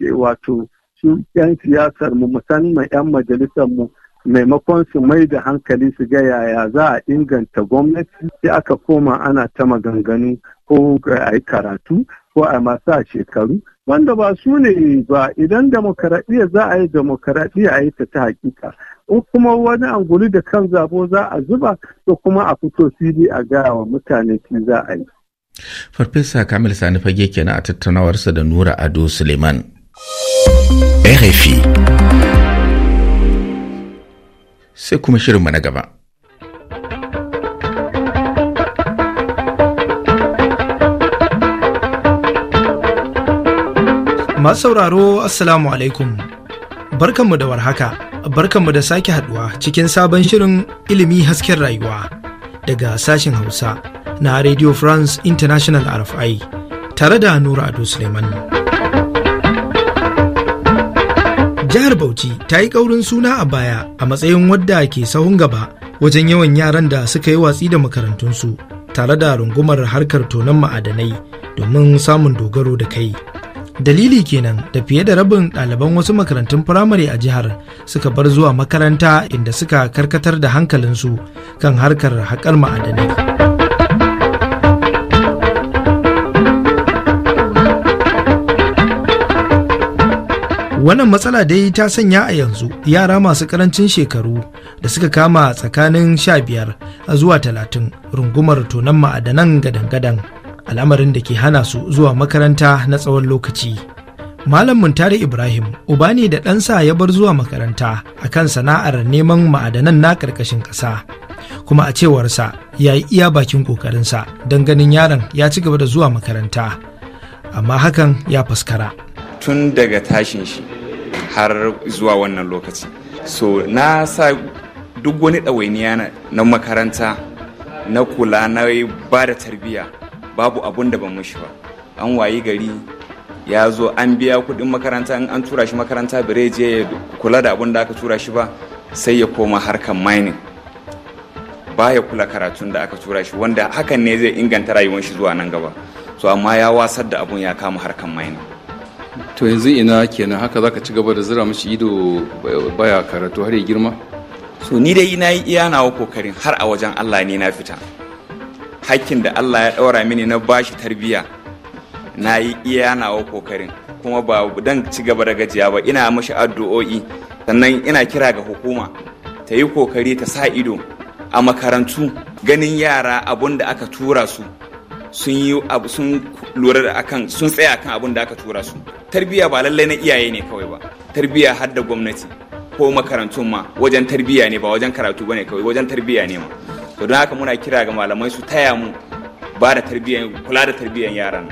Eh, wato su 'yan siyasar mu musamman 'yan majalisar mu maimakon su mai da hankali su ga yaya za a inganta gwamnati sai aka koma ana ta maganganu ko a yi karatu ko a masu a shekaru wanda ba su ne ba idan demokaradiyya za a yi demokaradiyya a yi ta ta hakika in kuma wani anguli da kan zabo za a zuba to kuma a fito fili a gaya wa mutane ki za a yi. Farfesa Kamil Sani fage kenan a tattaunawarsa da Nura Ado Suleiman. RFI Sai kuma shirinmu na gaba. Masu sauraro Assalamu alaikum. Barkanmu da warhaka, barkanmu da sake haduwa cikin sabon shirin ilimi hasken rayuwa daga sashen Hausa na Radio France International RFI tare da Nura Ado Suleiman. Jihar Bauchi ta yi ƙaurin suna a baya a matsayin wadda ke sahun gaba wajen yawan yaran da suka yi watsi da makarantunsu tare da rungumar harkar tonon ma'adanai domin samun dogaro da kai. Dalili kenan da fiye da rabin ɗaliban wasu makarantun firamare a jihar suka bar zuwa makaranta inda suka karkatar da hankalinsu kan harkar haƙar ma'adanai. wannan matsala dai ta sanya a yanzu yara masu karancin shekaru da suka kama tsakanin 15 zuwa 30 rungumar tonon ma'adanan gadan-gadan al'amarin da ke hana su zuwa makaranta na tsawon lokaci malam muntari ibrahim uba ne da ɗansa ya bar zuwa makaranta a kan sana'ar neman ma'adanan na ƙarƙashin ƙasa kuma a cewarsa ya yi iya bakin ƙoƙarinsa don ganin yaron ya ci gaba da zuwa makaranta amma hakan ya faskara tun daga tashin shi har zuwa wannan lokaci so na sa duk wani ɗawainiya na makaranta na kula na ba da tarbiyya babu abun da ban mushi ba an wayi gari ya zo an biya kuɗin makaranta in an tura shi makaranta bire je ya kula da abun da aka tura shi ba sai ya koma harkar mining ya kula karatun da aka tura shi wanda hakan ne zai inganta rayuwar shi zuwa nan gaba so amma ya wasar da abun ya kama harkar mining to yanzu ina kenan haka zaka ci gaba da zira mishi ido baya karatu har ya girma so ni dai ina yi iya nawa kokarin har a wajen Allah ne na fita hakkin da Allah ya daura mini na bashi tarbiya na yi iya nawa kokarin kuma ba dan ci gaba da gajiya ba ina mishi addu'o'i sannan ina kira ga hukuma ta yi kokari ta sa ido a makarantu ganin yara abun da aka tura su sun yi abu sun lura da akan sun tsaya akan abin da aka tura su tarbiyya ba lallai na iyaye ne kawai ba tarbiyya har da gwamnati ko makarantun ma wajen tarbiyya ne ba wajen karatu bane kawai wajen tarbiyya ne ma to don haka muna kira ga malamai su taya mu ba da tarbiyyan kula da tarbiyyan yaran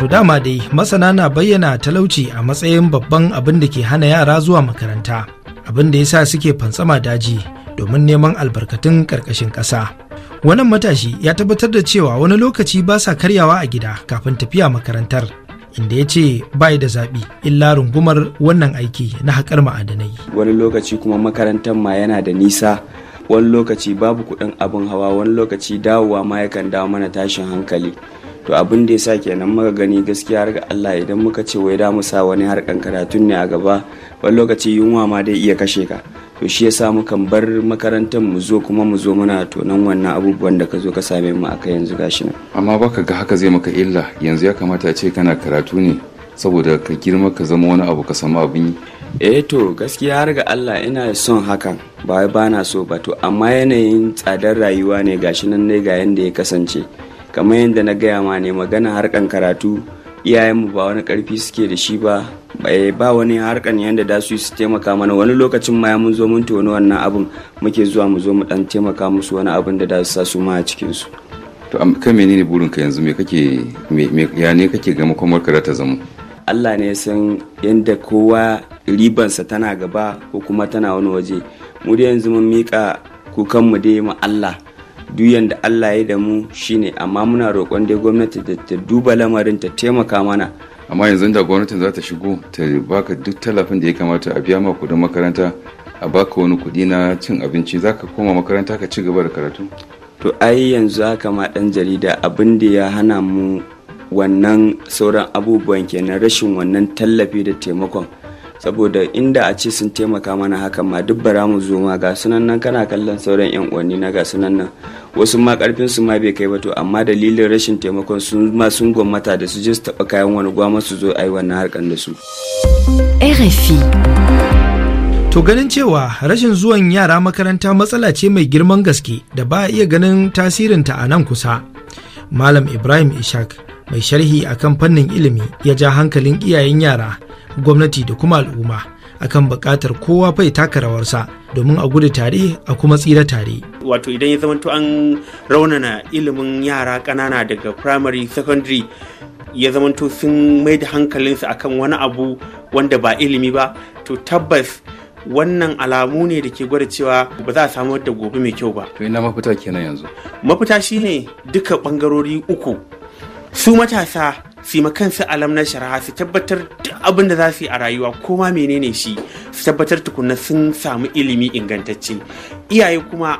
To dama dai masana na bayyana talauci a matsayin babban abin da ke hana yara zuwa makaranta, abin da ya sa suke fantsama daji domin neman albarkatun karkashin kasa. Wannan matashi ya tabbatar da cewa wani lokaci ba sa karyawa a gida kafin tafiya makarantar. inda ya ce bai da zaɓi illa rungumar wannan aiki na haƙar ma'adanai. Wani lokaci kuma makarantar ma yana da nisa wani lokaci babu kuɗin abin hawa wani lokaci dawowa ma yakan dawo mana tashin hankali to abin da ya sa kenan muka gani gaskiya har ga Allah idan muka ce wai da mu sa wani harkan karatun ne a gaba wani lokaci yunwa ma dai iya kashe ka to shi samu kan bar makarantar mu zo kuma mu zo muna tonon wannan abubuwan da ka zo ka same mu aka yanzu gashi nan amma baka ga haka zai maka illa yanzu ya kamata ce kana karatu ne saboda ka girma ka zama wani abu ka samu abin yi eh to gaskiya har ga Allah ina son hakan ba ba na so ba to amma yanayin tsadar rayuwa ne gashi nan ne ga yanda ya kasance kamar yadda na gaya ma ne magana harkan karatu iyayenmu ba wani karfi suke da shi ba ba wani harkan yadda da su su taimaka mana wani lokacin ma mun zo mun toni wannan abin muke zuwa mu zo mu dan taimaka musu wani abin da da su sa su ma a cikin su to kai menene burin ka yanzu me kake me ya ne kake ga makomar ka ta zama Allah ne san yadda kowa ribansa tana gaba ko kuma tana wani waje mu da yanzu mun mika kukan mu dai mu Allah duk yanda Allah ya da mu shine amma muna roƙon dai gwamnati ta duba lamarin ta taimaka mana amma yanzu da gwamnatin za ta shigo ta baka duk tallafin da ya kamata a biya ma kudin makaranta a baka wani kudi na cin abinci za ka koma makaranta ka ci gaba da karatu to ai yanzu haka ma dan jarida abin da ya hana mu wannan sauran abubuwan kenan rashin wannan tallafi da taimakon saboda inda a ce sun taimaka mana hakan ma duk bara mu zo ma ga sunan nan kana kallon sauran yan uwanni na ga sunan nan wasu ma karfin su ma bai kai ba to amma dalilin rashin taimakon sun ma sun gwammata da su je su taba kayan wani gwamma su zo ai wannan harkan da su RFI To ganin cewa rashin zuwan yara makaranta matsala ce mai girman gaske da ba a iya ganin tasirinta a nan kusa. Malam Ibrahim Ishak mai sharhi a kan fannin ilimi ya ja hankalin iyayen yara gwamnati da kuma al'umma akan buƙatar kowa fai taka rawarsa domin a gudu tare a kuma tsira tare. Wato idan ya zamanto an raunana ilimin yara ƙanana daga primary secondary ya zamanto sun mai da hankalinsu akan wani abu wanda ba ilimi ba to tabbas wannan alamu ne da ke gwada cewa ba za a samu da gobe mai kyau ba. To ina mafita kenan yanzu. Mafita shine duka bangarori uku su matasa su ma kansu a na shari'a su tabbatar duk abin da za su yi a rayuwa ko ma menene shi su tabbatar tukunna sun samu ilimi ingantacce iyaye kuma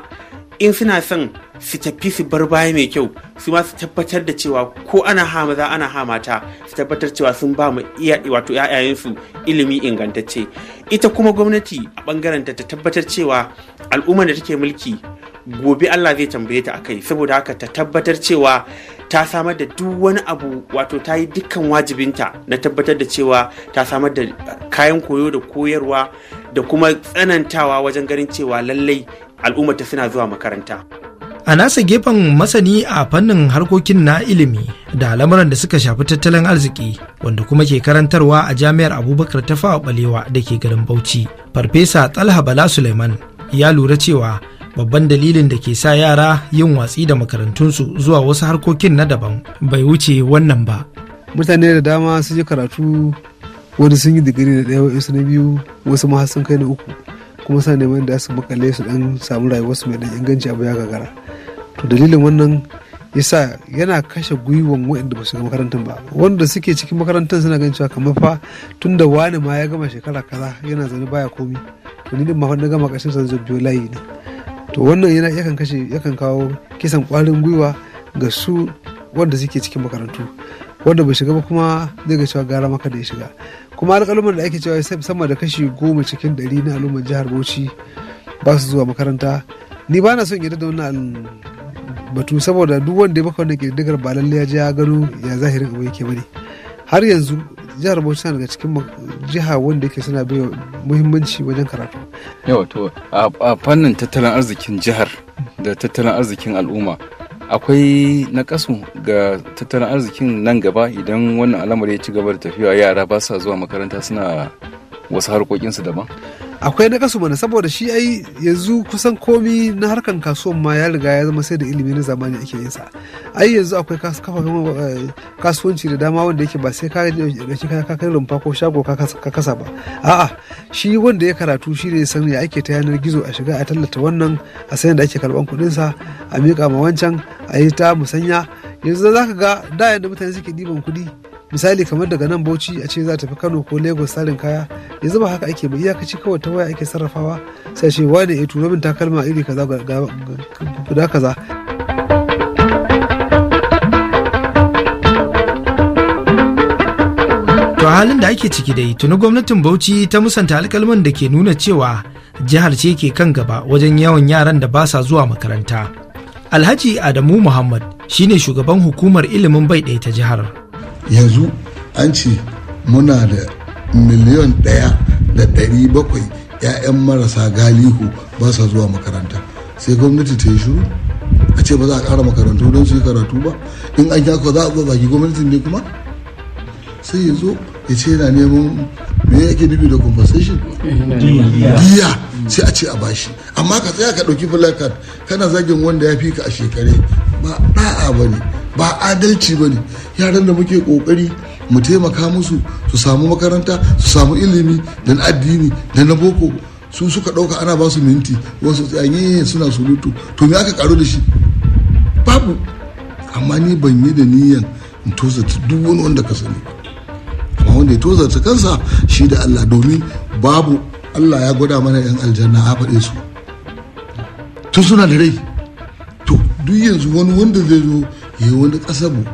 in suna son su tafi su bar baya mai kyau su ma su tabbatar da cewa ko ana ha maza ana ha mata su tabbatar cewa sun ba mu iya wato yayayensu ilimi ingantacce ita kuma gwamnati a bangaren ta tabbatar cewa al'ummar da take mulki gobe Allah zai tambaye ta akai saboda haka ta tabbatar cewa ta samar da duk wani abu wato ta yi dukkan wajibinta na tabbatar da cewa ta samar da kayan koyo da koyarwa da kuma tsanantawa wajen ganin cewa lallai al'ummata suna zuwa makaranta. A nasa gefen masani a fannin harkokin na ilimi da lamuran da suka shafi tattalin arziki wanda kuma ke karantarwa a jami'ar Abubakar ta fawa balewa da ke garin Bauchi, Farfesa Talha Bala Suleiman ya lura cewa babban dalilin da ke sa yara yin watsi da makarantunsu zuwa wasu harkokin na daban bai wuce wannan ba mutane da dama sun yi karatu wani sun yi digiri da ɗaya wasu na biyu wasu ma sun kai na uku kuma sa neman da su makale su dan samu rayuwarsu mai dan inganci abu ya gagara to dalilin wannan yasa yana kashe gwiwan waɗanda ba su ga makarantar ba wanda suke cikin makarantar suna ganin cewa kamar fa tun da wani ma ya gama shekara kaza yana zaune baya komi to ni din ma na gama kashin sa zai biyo layi ne to wannan yana yakan kashe yakan kawo kisan kwarin gwiwa ga su wanda suke cikin makarantu wanda bai shiga ba kuma zai ga cewa gara maka da ya shiga kuma alƙaluman da ake cewa sama da kashi goma cikin ɗari na al'ummar jihar bauchi ba su zuwa makaranta ni ba na son yadda da wannan batu saboda duk wanda ya baka wannan ƙididdigar ba lalle ya je ya gano ya zahirin abu yake bane har yanzu jihar bauchi daga cikin jiha wanda yake suna bai muhimmanci wajen karatu yawa to a fannin tattalin arzikin jihar da tattalin arzikin al'umma akwai nakasu ga tattalin arzikin nan gaba idan wannan al'amari ya ci gaba da tafiya yara ba sa zuwa makaranta suna wasu harkokinsu daban akwai na kasu mana saboda shi ai yanzu kusan komi na harkan kasuwan ma ya riga ya zama sai da ilimi na zamani ake yin sa ai yanzu akwai kafafen eh, kasuwanci da dama wanda yake ba sai ka shi ka kai rumfa ko shago ka kasa ba a'a shi wanda ya karatu shi ne san ya ake ta yanar gizo a shiga a tallata wannan a sayan da ake karban kuɗin sa a miƙa ma wancan a yi ta musanya yanzu za ka ga da yadda mutane suke ɗiban kuɗi misali kamar daga nan bauchi a ce za ta fi kano ko lagos tsarin kaya ya zuba haka ake ba iyakaci kawai ta waya ake sarrafawa sai ce wane ya eh, turo min takalma iri kaza guda kaza To a halin da ake ciki dai tuni gwamnatin Bauchi ta musanta alkalman da ke nuna cewa jihar ce ke kan gaba wajen yawan yaran da ba sa zuwa makaranta. Alhaji Adamu Muhammad shine shugaban hukumar ilimin bai ɗaya ta jihar. yanzu an ce muna da miliyan ɗaya da ɗari bakwai 'ya'yan marasa galihu ba sa zuwa makaranta sai gwamnati ta yi shiru a ce ba za a ƙara makarantu don su yi karatu ba in an kyakwa za a zo baki gwamnatin ne kuma sai ya zo ya ce yana neman me yake nufi da compensation diya sai a ce a bashi amma ka tsaya ka ɗauki card kana zagin wanda ya fi ka a shekare ba ɗa'a ba ne ba adalci ba ne yaran da muke kokari mu taimaka musu su samu makaranta su samu ilimi da na addini da na boko su suka ɗauka ana ba su minti wasu tsayayyen suna surutu to me aka karu da shi babu amma ni ban yi da niyan in tozarta duk wani wanda ka sani amma wanda ya tozarta kansa shi da allah domin babu allah ya gwada mana yan aljanna a faɗe su tun suna da rai to duk yanzu wani wanda zai zo የወንድ ቀሰቡ